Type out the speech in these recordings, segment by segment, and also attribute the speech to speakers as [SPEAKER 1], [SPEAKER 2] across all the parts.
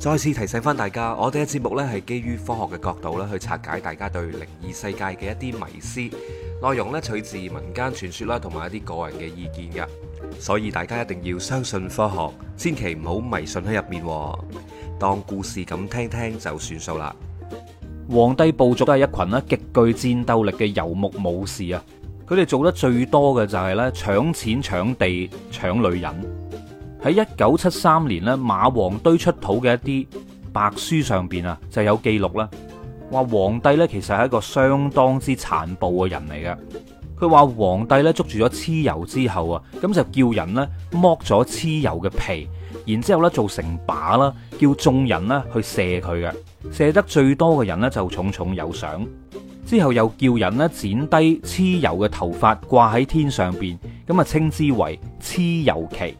[SPEAKER 1] 再次提醒翻大家，我哋嘅節目咧係基於科學嘅角度咧去拆解大家對靈異世界嘅一啲迷思，內容咧取自民間傳說啦，同埋一啲個人嘅意見嘅，所以大家一定要相信科學，千祈唔好迷信喺入面，當故事咁聽聽就算數啦。黃帝部族都係一群啦，極具戰鬥力嘅游牧武士啊，佢哋做得最多嘅就係咧搶錢、搶地、搶女人。喺一九七三年咧，馬王堆出土嘅一啲白書上邊啊，就有記錄啦。話黃帝咧，其實係一個相當之殘暴嘅人嚟嘅。佢話黃帝咧捉住咗蚩尤之後啊，咁就叫人咧剝咗蚩尤嘅皮，然之後咧做成靶啦，叫眾人咧去射佢嘅，射得最多嘅人咧就重重有賞。之後又叫人咧剪低蚩尤嘅頭髮掛喺天上邊，咁啊稱之為蚩尤旗。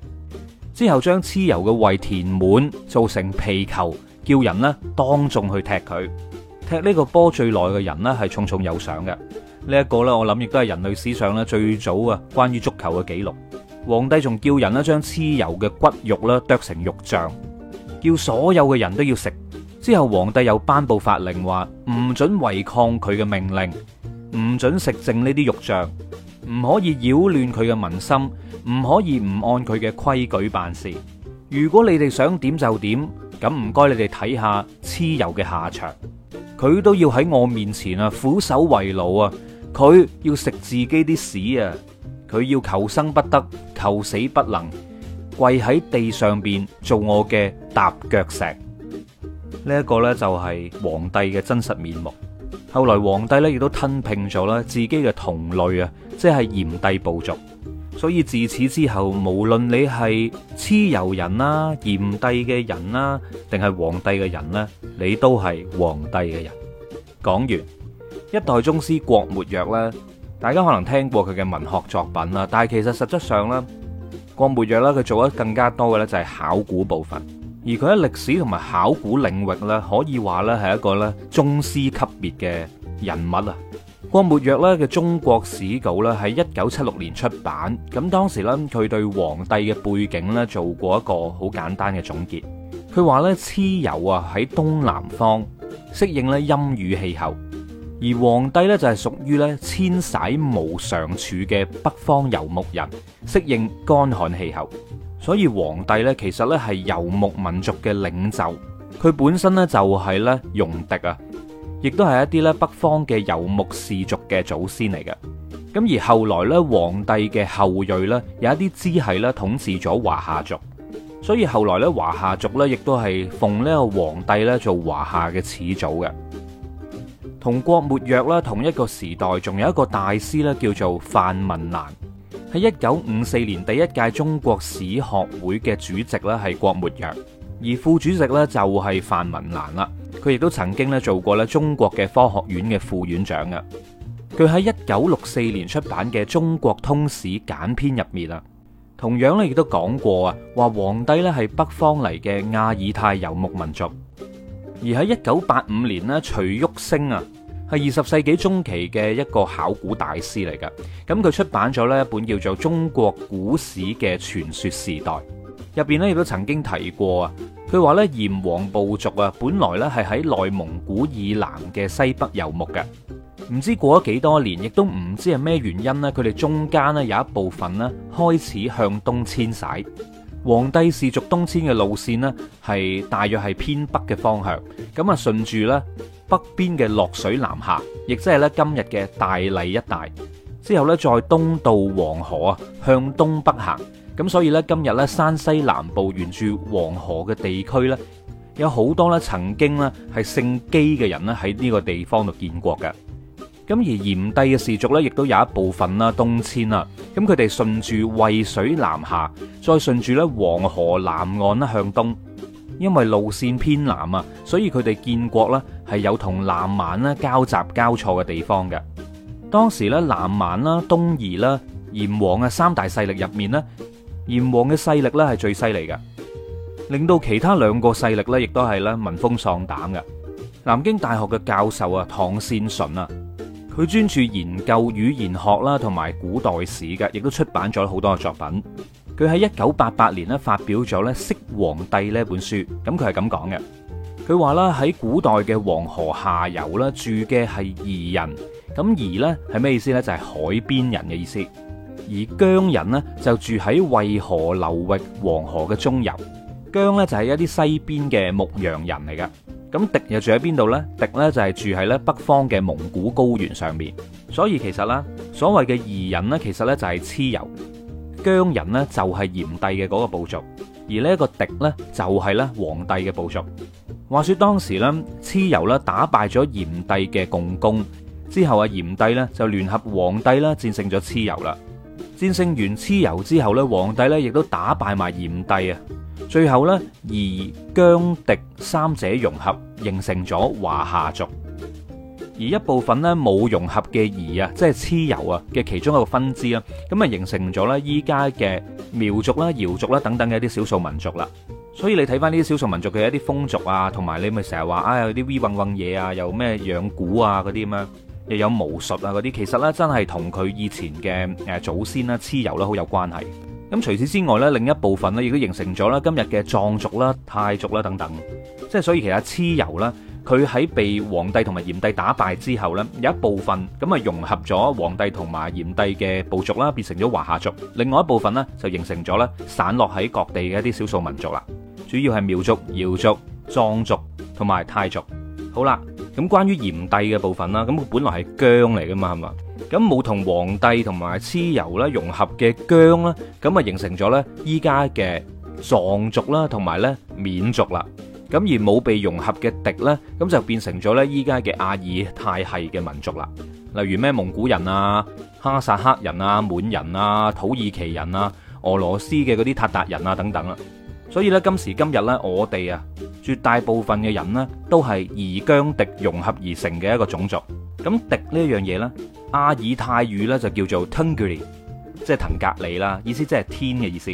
[SPEAKER 1] 之後將蚩尤嘅胃填滿，做成皮球，叫人咧當眾去踢佢。踢個呢個波最耐嘅人咧係重重有賞嘅。這個、呢一個咧我諗亦都係人類史上咧最早嘅關於足球嘅記錄。黃帝仲叫人咧將蚩尤嘅骨肉咧剁成肉醬，叫所有嘅人都要食。之後黃帝又頒布法令話唔准違抗佢嘅命令，唔准食剩呢啲肉醬，唔可以擾亂佢嘅民心。唔可以唔按佢嘅規矩辦事。如果你哋想點就點，咁唔該你哋睇下蚩尤嘅下場。佢都要喺我面前啊，俯首為奴啊，佢要食自己啲屎啊，佢要求生不得，求死不能，跪喺地上邊做我嘅踏腳石。這個、呢一個呢就係、是、黃帝嘅真實面目。後來黃帝呢，亦都吞併咗啦自己嘅同類啊，即係炎帝部族。所以自此之後，無論你係蚩尤人啦、炎帝嘅人啦，定係黃帝嘅人呢，你都係黃帝嘅人。講完一代宗師郭沫若咧，大家可能聽過佢嘅文學作品啦，但係其實實質上咧，郭沫若咧佢做得更加多嘅咧就係考古部分，而佢喺歷史同埋考古領域咧，可以話咧係一個咧宗師級別嘅人物啊。郭沫若咧嘅《中國史稿》咧喺一九七六年出版，咁當時咧佢對黃帝嘅背景咧做過一個好簡單嘅總結。佢話咧蚩尤啊喺東南方適應咧陰雨氣候，而黃帝咧就係屬於咧遷徙無常處嘅北方遊牧人，適應乾旱氣候。所以黃帝咧其實咧係遊牧民族嘅領袖，佢本身咧就係咧戎狄啊。亦都係一啲咧北方嘅遊牧氏族嘅祖先嚟嘅，咁而後來咧皇帝嘅後裔咧有一啲支系咧統治咗華夏族，所以後來咧華夏族咧亦都係奉呢個皇帝咧做華夏嘅始祖嘅。同郭沫若咧同一個時代，仲有一個大師咧叫做范文瀾，喺一九五四年第一屆中國史學會嘅主席咧係郭沫若，而副主席咧就係范文瀾啦。佢亦都曾經咧做過咧中國嘅科學院嘅副院長啊！佢喺一九六四年出版嘅《中國通史簡編》入面啊，同樣咧亦都講過啊，話黃帝咧係北方嚟嘅亞爾泰遊牧民族。而喺一九八五年呢，徐旭升啊係二十世紀中期嘅一個考古大師嚟噶，咁佢出版咗咧一本叫做《中國古史嘅傳說時代》入邊，咧亦都曾經提過啊。佢話咧，炎黃部族啊，本來咧係喺內蒙古以南嘅西北遊牧嘅，唔知過咗幾多年，亦都唔知係咩原因咧，佢哋中間咧有一部分咧開始向東遷徙。黃帝氏族東遷嘅路線咧，係大約係偏北嘅方向，咁啊順住咧北邊嘅洛水南下，亦即係咧今日嘅大荔一帶，之後咧再東渡黃河啊，向東北行。咁所以呢，今日呢，山西南部沿住黃河嘅地區呢，有好多呢曾經呢係姓姬嘅人呢喺呢個地方度建國嘅。咁而炎帝嘅氏族呢，亦都有一部分啦東遷啦。咁佢哋順住渭水南下，再順住呢黃河南岸呢向東，因為路線偏南啊，所以佢哋建國呢係有同南蠻呢交集交錯嘅地方嘅。當時呢，南蠻啦、東夷啦、炎黃啊三大勢力入面呢。炎黃嘅勢力咧係最犀利嘅，令到其他兩個勢力咧亦都係咧聞風喪膽嘅。南京大學嘅教授啊，唐善純啊，佢專注研究語言學啦，同埋古代史嘅，亦都出版咗好多嘅作品。佢喺一九八八年咧發表咗咧《釋黃帝》呢本書，咁佢係咁講嘅。佢話啦喺古代嘅黃河下游啦住嘅係夷人，咁夷呢係咩意思呢？就係、是、海邊人嘅意思。而姜人呢，就住喺渭河流域黃河嘅中游，姜呢，就係一啲西邊嘅牧羊人嚟噶咁狄又住喺邊度呢？狄呢，就係住喺咧北方嘅蒙古高原上面。所以其實啦，所謂嘅夷人呢，其實呢，就係蚩尤，姜人呢，就係炎帝嘅嗰個部族，而呢一個狄咧就係咧黃帝嘅部族。話說當時呢，蚩尤呢，打敗咗炎帝嘅共工之後，阿炎帝呢，就聯合黃帝啦，戰勝咗蚩尤啦。戰勝完蚩尤之後咧，黃帝咧亦都打敗埋炎帝啊，最後咧，而姜、狄三者融合，形成咗華夏族。而一部分咧冇融合嘅夷啊，即係蚩尤啊嘅其中一個分支啦，咁啊形成咗咧依家嘅苗族啦、瑤族啦等等嘅一啲少數民族啦。所以你睇翻呢啲少數民族嘅一啲風俗啊，同埋你咪成日話啊有啲 v 運運嘢啊，又咩養蠱啊嗰啲咁樣。又有巫術啊嗰啲，其實咧真係同佢以前嘅誒祖先啦蚩尤啦好有關係。咁除此之外咧，另一部分咧亦都形成咗咧今日嘅藏族啦、泰族啦等等。即係所以其實蚩尤啦，佢喺被黃帝同埋炎帝打敗之後咧，有一部分咁啊融合咗黃帝同埋炎帝嘅部族啦，變成咗華夏族。另外一部分咧就形成咗咧散落喺各地嘅一啲少數民族啦，主要係苗族、瑤族、藏族同埋泰族。好啦。咁關於炎帝嘅部分啦，咁佢本來係姜嚟噶嘛，係嘛？咁冇同黃帝同埋蚩尤咧融合嘅姜咧，咁啊形成咗呢，依家嘅藏族啦，同埋咧緬族啦。咁而冇被融合嘅狄呢，咁就變成咗呢，依家嘅亞爾泰系嘅民族啦。例如咩蒙古人啊、哈薩克人啊、滿人啊、土耳其人啊、俄羅斯嘅嗰啲塔達人啊等等啦。所以咧，今時今日咧，我哋啊，絕大部分嘅人咧，都係夷羌狄融合而成嘅一個種族。咁狄呢一樣嘢咧，阿爾泰語咧就叫做 Tungri，即係騰格里啦，意思即係天嘅意思。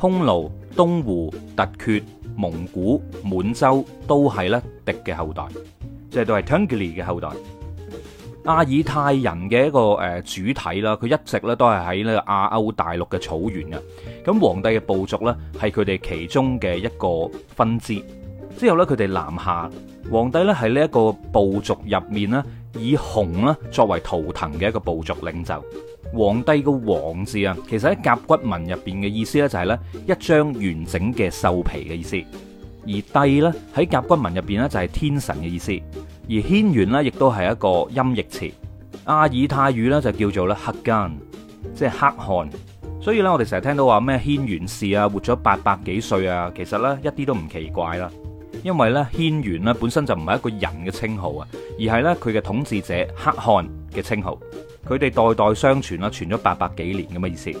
[SPEAKER 1] 匈奴、東胡、突厥、蒙古、滿洲都係咧狄嘅後代，即係都係 Tungri 嘅後代。阿爾泰人嘅一個誒主體啦，佢一直咧都係喺呢個亞歐大陸嘅草原嘅。咁黃帝嘅部族呢，係佢哋其中嘅一個分支。之後呢，佢哋南下，黃帝呢，喺呢一個部族入面咧，以熊啦作為圖騰嘅一個部族領袖。黃帝嘅黃字啊，其實喺甲骨文入邊嘅意思呢，就係咧一張完整嘅獸皮嘅意思。而帝呢，喺甲骨文入邊呢，就係天神嘅意思。而軒轅咧，亦都係一個音譯詞。阿爾泰語咧就叫做咧黑根，即係黑漢。所以咧，我哋成日聽到話咩軒轅氏啊，活咗八百幾歲啊，其實呢，一啲都唔奇怪啦。因為咧軒轅咧本身就唔係一個人嘅稱號啊，而係咧佢嘅統治者黑漢嘅稱號。佢哋代代相傳啦，傳咗八百幾年咁嘅意思。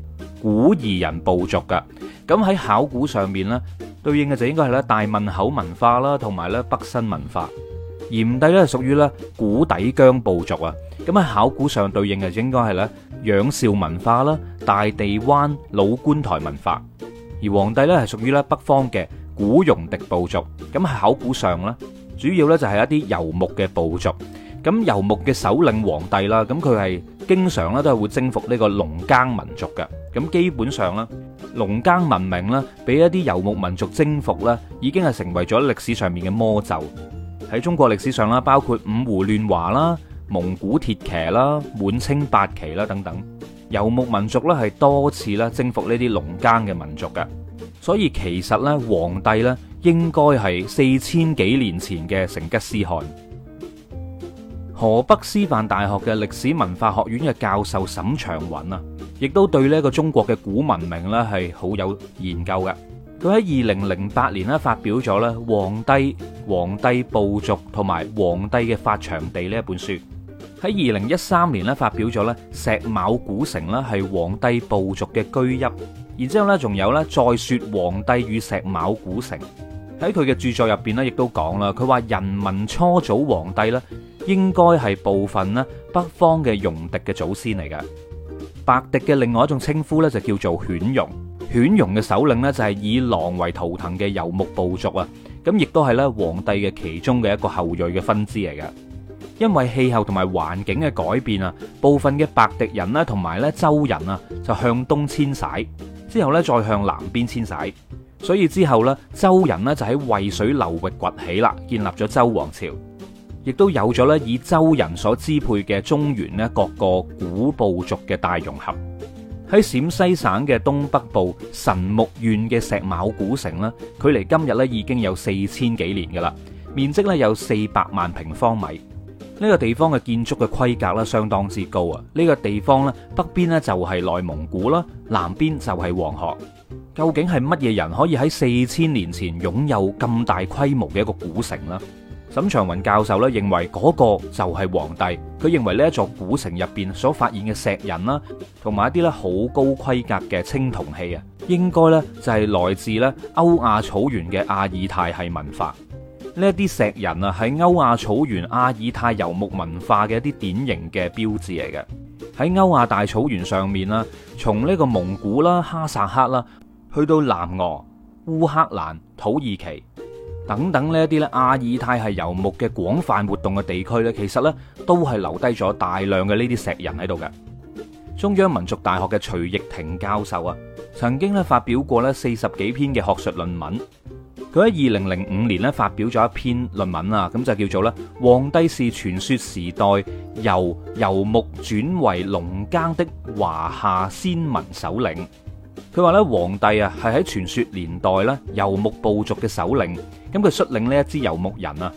[SPEAKER 1] 古夷人部族嘅，咁喺考古上面咧，對應嘅就應該係咧大汶口文化啦，同埋咧北新文化。炎帝咧係屬於咧古氐羌部族啊，咁喺考古上對應嘅就應該係咧仰韶文化啦、大地灣、老官台文化。而黃帝咧係屬於咧北方嘅古戎狄部族，咁喺考古上咧，主要咧就係一啲游牧嘅部族。咁游牧嘅首領黃帝啦，咁佢係經常咧都係會征服呢個農耕民族嘅。咁基本上啦，農耕文明啦，俾一啲遊牧民族征服啦，已經係成為咗歷史上面嘅魔咒。喺中國歷史上啦，包括五胡亂華啦、蒙古鐵騎啦、滿清八旗啦等等，遊牧民族咧係多次啦征服呢啲農耕嘅民族嘅。所以其實咧，黃帝咧應該係四千幾年前嘅成吉思汗。河北師範大學嘅歷史文化學院嘅教授沈長雲啊。亦都對呢一個中國嘅古文明呢係好有研究嘅。佢喺二零零八年咧發表咗咧《黃帝黃帝部族》同埋《黃帝嘅發祥地》呢一本書。喺二零一三年咧發表咗咧《石峁古城》呢係黃帝部族嘅居邑。然之後呢，仲有咧再說黃帝與石峁古城。喺佢嘅著作入邊呢，亦都講啦，佢話人民初祖黃帝呢，應該係部分咧北方嘅戎狄嘅祖先嚟嘅。白狄嘅另外一種稱呼咧，就叫做犬戎。犬戎嘅首領呢，就係以狼為圖騰嘅遊牧部族啊。咁亦都係咧，黃帝嘅其中嘅一個後裔嘅分支嚟嘅。因為氣候同埋環境嘅改變啊，部分嘅白狄人呢，同埋咧周人啊，就向東遷徙，之後咧再向南邊遷徙，所以之後咧周人呢，就喺渭水流域崛起啦，建立咗周王朝。亦都有咗咧，以周人所支配嘅中原咧，各個古部族嘅大融合。喺陝西省嘅東北部神木縣嘅石峁古城啦，距離今日咧已經有四千幾年噶啦，面積咧有四百萬平方米。呢個地方嘅建築嘅規格咧相當之高啊！呢個地方咧北邊咧就係內蒙古啦，南邊就係黃河。究竟係乜嘢人可以喺四千年前擁有咁大規模嘅一個古城啦？沈長雲教授咧認為嗰個就係黃帝，佢認為呢一座古城入邊所發現嘅石人啦，同埋一啲咧好高規格嘅青銅器啊，應該咧就係來自咧歐亞草原嘅阿爾泰系文化。呢一啲石人啊，喺歐亞草原阿爾泰游牧文化嘅一啲典型嘅標誌嚟嘅。喺歐亞大草原上面啦，從呢個蒙古啦、哈薩克啦，去到南俄、烏克蘭、土耳其。等等呢一啲咧，阿爾泰系游牧嘅廣泛活動嘅地區咧，其實咧都係留低咗大量嘅呢啲石人喺度嘅。中央民族大學嘅徐逸廷教授啊，曾經咧發表過咧四十幾篇嘅學術論文。佢喺二零零五年咧發表咗一篇論文啊，咁就叫做咧，黃帝是傳說時代由游牧轉為農耕的華夏先民首領。佢話咧，黃帝啊，係喺傳說年代咧，遊牧部族嘅首領，咁佢率領呢一支遊牧人啊，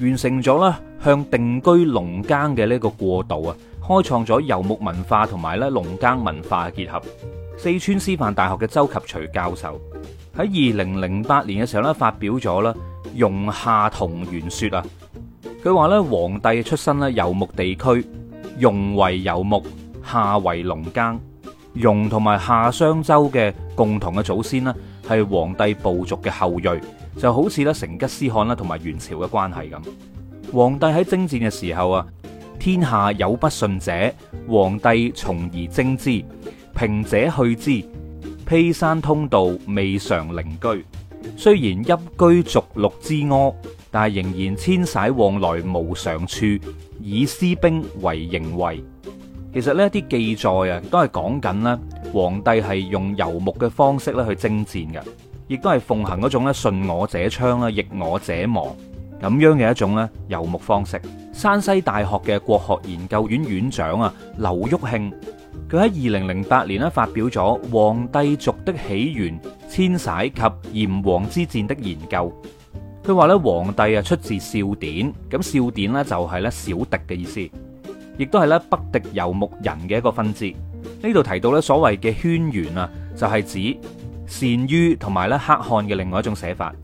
[SPEAKER 1] 完成咗咧向定居農耕嘅呢個過渡啊，開創咗遊牧文化同埋咧農耕文化嘅結合。四川師範大學嘅周及徐教授喺二零零八年嘅時候咧發表咗咧《戎夏同源説》啊，佢話咧黃帝出身咧遊牧地區，戎為遊牧，夏為農耕。容同埋夏商周嘅共同嘅祖先咧，係黃帝部族嘅後裔，就好似咧成吉思汗啦同埋元朝嘅關係咁。黃帝喺征戰嘅時候啊，天下有不順者，黃帝從而征之，平者去之。披山通道，未嘗寧居。雖然邑居逐鹿之阿，但係仍然遷徙往來無常處，以施兵為營衛。其實呢啲記載啊，都係講緊呢黃帝係用遊牧嘅方式咧去征戰嘅，亦都係奉行嗰種咧，順我者昌啦，逆我者亡咁樣嘅一種咧遊牧方式。山西大學嘅國學研究院院長啊，劉毓慶，佢喺二零零八年咧發表咗《黃帝族的起源：遷徙及炎黃之戰的研究》。佢話咧，黃帝啊出自少典，咁少典呢就係咧小狄嘅意思。亦都係咧北狄游牧人嘅一個分支。呢度提到咧所謂嘅軒轅啊，就係指善於同埋咧黑漢嘅另外一種寫法。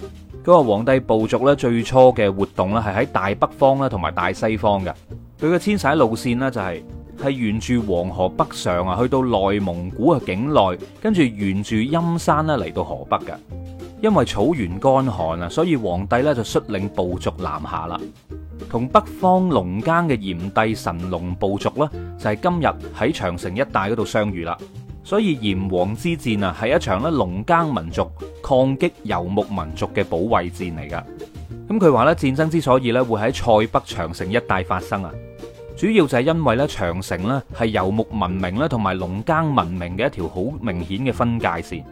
[SPEAKER 1] 嗰個皇帝部族咧最初嘅活動咧係喺大北方咧同埋大西方嘅。佢嘅遷徙路線咧就係、係、係沿住黃河北上啊，去到內蒙古嘅境內，跟住沿住陰山咧嚟到河北嘅。因為草原乾旱啊，所以黃帝咧就率領部族南下啦，同北方農耕嘅炎帝神農部族咧就係今日喺長城一帶嗰度相遇啦。所以炎黃之戰啊係一場咧農耕民族抗擊游牧民族嘅保衛戰嚟噶。咁佢話咧戰爭之所以咧會喺塞北長城一帶發生啊，主要就係因為咧長城咧係游牧文明咧同埋農耕文明嘅一條好明顯嘅分界線。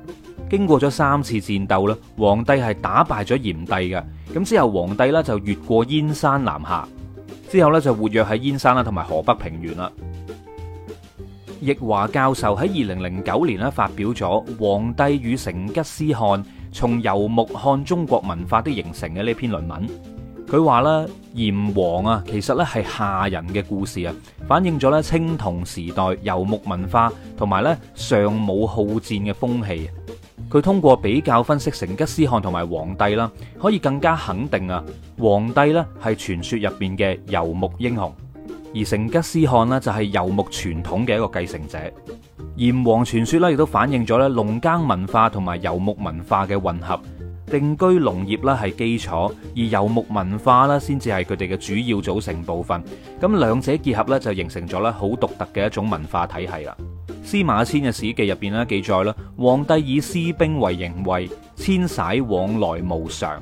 [SPEAKER 1] 經過咗三次戰鬥啦，黃帝係打敗咗炎帝嘅。咁之後黃帝啦就越過燕山南下，之後咧就活躍喺燕山啦同埋河北平原啦。易華教授喺二零零九年咧發表咗《黃帝與成吉思汗：從游牧看中國文化的形成》嘅呢篇論文，佢話咧炎黃啊，其實咧係夏人嘅故事啊，反映咗咧青銅時代游牧文化同埋咧尚武好戰嘅風氣。佢通過比較分析成吉思汗同埋黃帝啦，可以更加肯定啊，黃帝呢係傳說入邊嘅游牧英雄，而成吉思汗呢就係游牧傳統嘅一個繼承者。炎黃傳說咧亦都反映咗咧農耕文化同埋游牧文化嘅混合，定居農業啦係基礎，而游牧文化呢先至係佢哋嘅主要組成部分。咁兩者結合咧就形成咗咧好獨特嘅一種文化體系啦。司馬遷嘅史記入邊咧記載啦，皇帝以私兵為營衛，遷徙往來無常，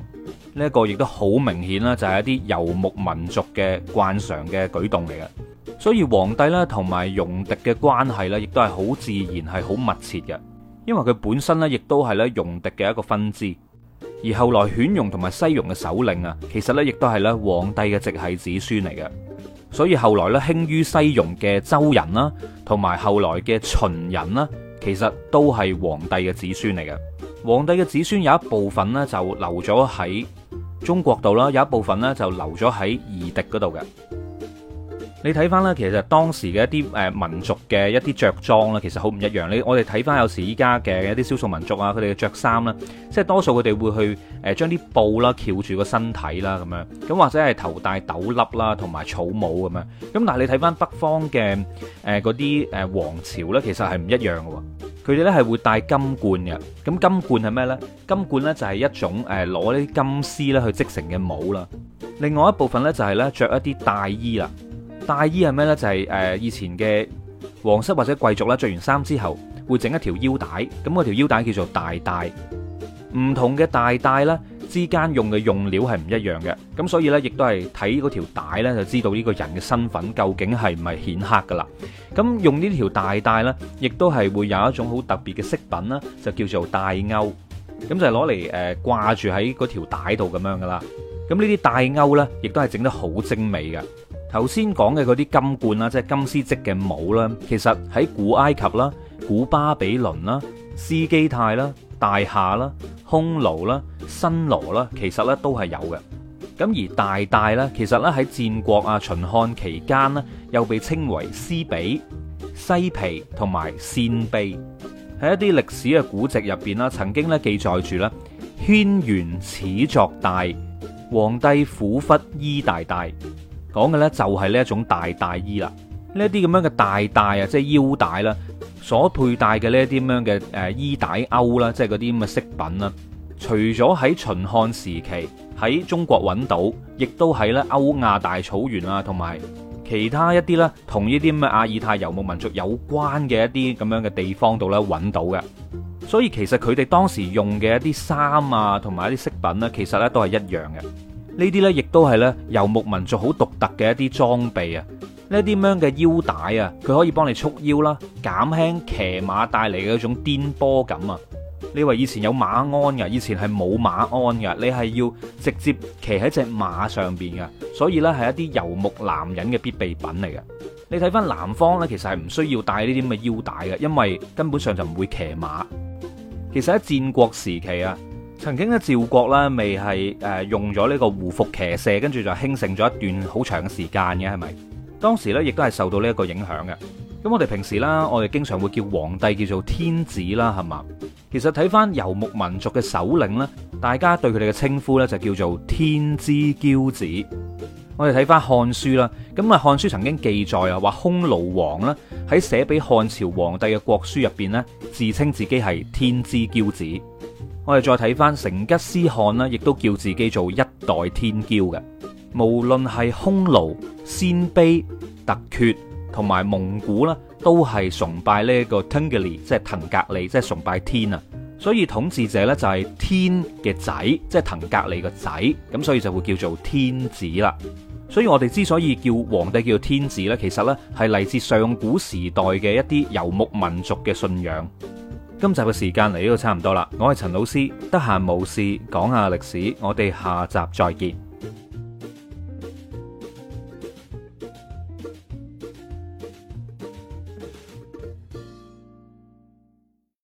[SPEAKER 1] 呢一個亦都好明顯啦，就係一啲游牧民族嘅慣常嘅舉動嚟嘅。所以皇帝咧同埋戎狄嘅關係咧，亦都係好自然，係好密切嘅，因為佢本身咧亦都係咧戎狄嘅一個分支。而後來犬戎同埋西戎嘅首領啊，其實呢亦都係咧黃帝嘅直系子孫嚟嘅，所以後來咧興於西戎嘅周人啦，同埋後來嘅秦人啦，其實都係黃帝嘅子孫嚟嘅。黃帝嘅子孫有一部分呢就留咗喺中國度啦，有一部分呢就留咗喺夷狄嗰度嘅。你睇翻咧，其實當時嘅一啲誒民族嘅一啲着裝咧，其實好唔一樣。你我哋睇翻有時依家嘅一啲少數民族啊，佢哋嘅着衫啦，即係多數佢哋會去誒將啲布啦翹住個身體啦咁樣，咁或者係頭戴斗笠啦，同埋草帽咁樣。咁但係你睇翻北方嘅誒嗰啲誒皇朝呢，其實係唔一樣嘅喎。佢哋呢係會戴金冠嘅。咁金冠係咩呢？金冠呢就係一種誒攞啲金絲咧去織成嘅帽啦。另外一部分呢，就係呢着一啲大衣啦。大衣係咩呢？就係、是、誒、呃，以前嘅皇室或者貴族啦，着完衫之後會整一條腰帶，咁嗰條腰帶叫做大帶。唔同嘅大帶呢之間用嘅用料係唔一樣嘅，咁所以呢，亦都係睇嗰條帶呢就知道呢個人嘅身份究竟係唔係顯赫噶啦。咁用呢條大帶呢，亦都係會有一種好特別嘅飾品啦，就叫做大鈎，咁就係攞嚟誒掛住喺嗰條帶度咁樣噶啦。咁呢啲大鈎呢，亦都係整得好精美嘅。頭先講嘅嗰啲金冠啦，即係金絲織嘅帽啦，其實喺古埃及啦、古巴比倫啦、斯基泰啦、大夏啦、匈奴啦、新羅啦，其實咧都係有嘅。咁而大大咧，其實咧喺戰國啊、秦漢期間呢，又被稱為斯比、西皮同埋鮮卑。喺一啲歷史嘅古籍入邊啦，曾經咧記載住咧，軒轅始作大皇帝，苦忽依大大。講嘅呢，就係呢一種大大衣啦，呢一啲咁樣嘅大帶啊，即係腰帶啦，所佩戴嘅呢一啲咁樣嘅誒衣帶鈎啦，即係嗰啲咁嘅飾品啦。除咗喺秦漢時期喺中國揾到，亦都喺咧歐亞大草原啊，同埋其他一啲呢，同呢啲咁嘅亞爾泰遊牧民族有關嘅一啲咁樣嘅地方度揾到嘅。所以其實佢哋當時用嘅一啲衫啊，同埋一啲飾品呢，其實呢都係一樣嘅。呢啲呢，亦都係呢遊牧民族好獨特嘅一啲裝備啊！呢啲咁樣嘅腰帶啊，佢可以幫你束腰啦、啊，減輕騎馬帶嚟嘅嗰種顛簸感啊！你話以，以前有馬鞍嘅，以前係冇馬鞍嘅，你係要直接騎喺隻馬上面嘅，所以呢，係一啲遊牧男人嘅必備品嚟嘅。你睇返南方呢，其實係唔需要帶呢啲咁嘅腰帶嘅，因為根本上就唔會騎馬。其實喺戰國時期啊。曾經喺趙國咧未係誒、呃、用咗呢個胡服騎射，跟住就興盛咗一段好長嘅時間嘅，係咪？當時咧，亦都係受到呢一個影響嘅。咁我哋平時啦，我哋經常會叫皇帝叫做天子啦，係嘛？其實睇翻游牧民族嘅首領咧，大家對佢哋嘅稱呼咧就叫做天之驕子。我哋睇翻《漢書》啦，咁啊，《漢書》曾經記載啊，話匈奴王咧喺寫俾漢朝皇帝嘅國書入邊呢，自稱自己係天之驕子。我哋再睇翻成吉思汗啦，亦都叫自己做一代天驕嘅。無論係匈奴、鮮卑、突厥同埋蒙古啦，都係崇拜呢一個騰格里，即係騰格里，即係崇拜天啊。所以統治者呢，就係天嘅仔，即係騰格里嘅仔，咁所以就會叫做天子啦。所以我哋之所以叫皇帝叫天子呢，其實呢，係嚟自上古時代嘅一啲游牧民族嘅信仰。今集嘅時間嚟呢度差唔多啦，我係陳老師，得閒冇事講下歷史，我哋下集再見。